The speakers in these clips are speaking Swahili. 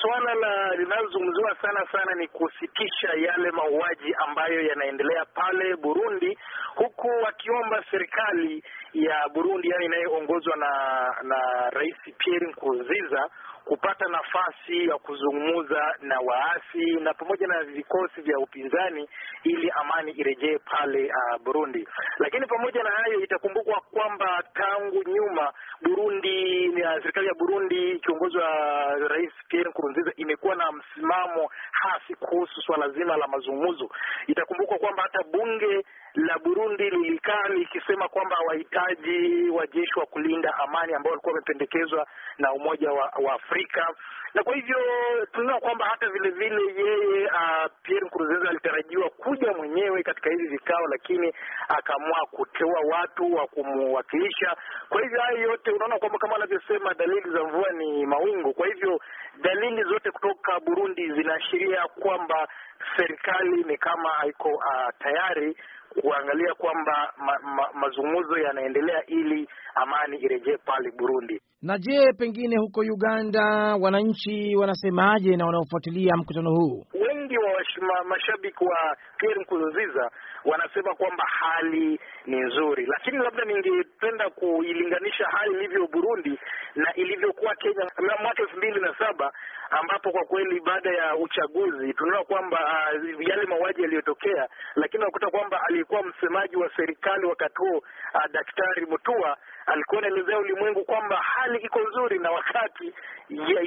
Suala la linalozungumziwa sana sana ni kusitisha yale mauaji ambayo yanaendelea pale Burundi, huku wakiomba serikali ya Burundi yani inayoongozwa na na Rais Pierre Nkurunziza kupata nafasi ya kuzungumza na waasi na pamoja na vikosi vya upinzani ili amani irejee pale uh, Burundi. Lakini pamoja na hayo, itakumbukwa kwamba tangu nyuma Burundi na serikali ya Burundi ikiongozwa na Rais Pierre Nkurunziza imekuwa na msimamo hasi kuhusu swala zima la mazungumzo. Itakumbukwa kwamba hata bunge la Burundi lilikaa likisema kwamba wahitaji wajeshi wa kulinda amani ambao walikuwa wamependekezwa na Umoja wa, wa Afrika, na kwa hivyo tunaona kwamba hata vile vile yeye uh, Pierre Nkurunziza alitarajiwa kuja mwenyewe katika hivi vikao, lakini akaamua kuteua watu wa kumwakilisha. Kwa hivyo hayo yote unaona kwamba kama anavyosema dalili za mvua ni mawingu. Kwa hivyo dalili zote kutoka Burundi zinaashiria kwamba serikali ni kama haiko uh, tayari kuangalia kwamba ma, ma, mazungumzo yanaendelea ili amani irejee pale Burundi. Na je, pengine huko Uganda wananchi wanasemaje na wanaofuatilia mkutano huu? mashabiki wa Pierre Nkurunziza wanasema kwamba hali ni nzuri, lakini labda ningependa kuilinganisha hali ilivyo Burundi na ilivyokuwa Kenya mwaka elfu mbili na saba ambapo kwa kweli baada ya uchaguzi tunaona kwamba uh, yale mauaji yaliyotokea, lakini unakuta kwamba aliyekuwa msemaji wa serikali wakati huo uh, Daktari Mutua alikuwa anaelezea ulimwengu kwamba hali iko nzuri, na wakati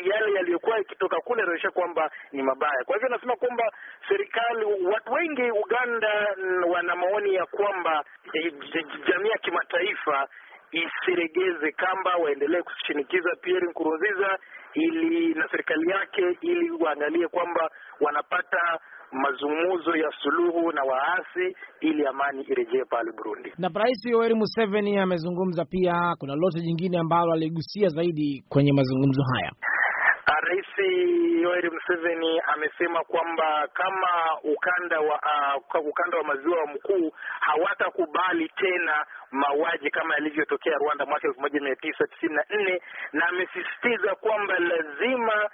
yale yaliyokuwa yakitoka kule anaonyesha kwamba ni mabaya. Kwa hivyo anasema kwamba serikali, watu wengi Uganda mm, wana maoni ya kwamba eh, jamii ya kimataifa isiregeze kamba, waendelee kushinikiza Pierre Nkurunziza ili na serikali yake ili waangalie kwamba wanapata mazungumzo ya suluhu na waasi ili amani irejee pale Burundi. Na Rais Yoweri Museveni amezungumza pia, kuna lote jingine ambalo aligusia zaidi kwenye mazungumzo haya? Rais Yoweri Museveni amesema kwamba kama ukanda wa uh, ukanda wa maziwa wa mkuu hawatakubali tena mauaji kama yalivyotokea Rwanda mwaka elfu moja mia tisa tisini na nne na amesisitiza kwamba lazima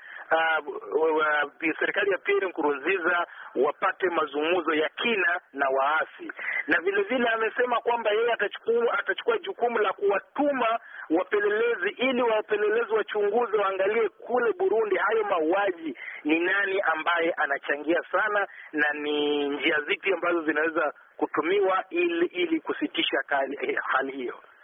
uh, serikali ya Pierre Nkurunziza wapate mazungumzo ya kina na waasi, na vilevile amesema kwamba yeye atachukua, atachukua jukumu la kuwatuma wapelelezi ili wapelelezi wachunguze, waangalie kule Burundi hayo mauaji, ni nani ambaye anachangia sana na ni njia zipi ambazo zinaweza kutumiwa ili ili kusitisha eh, hali hiyo.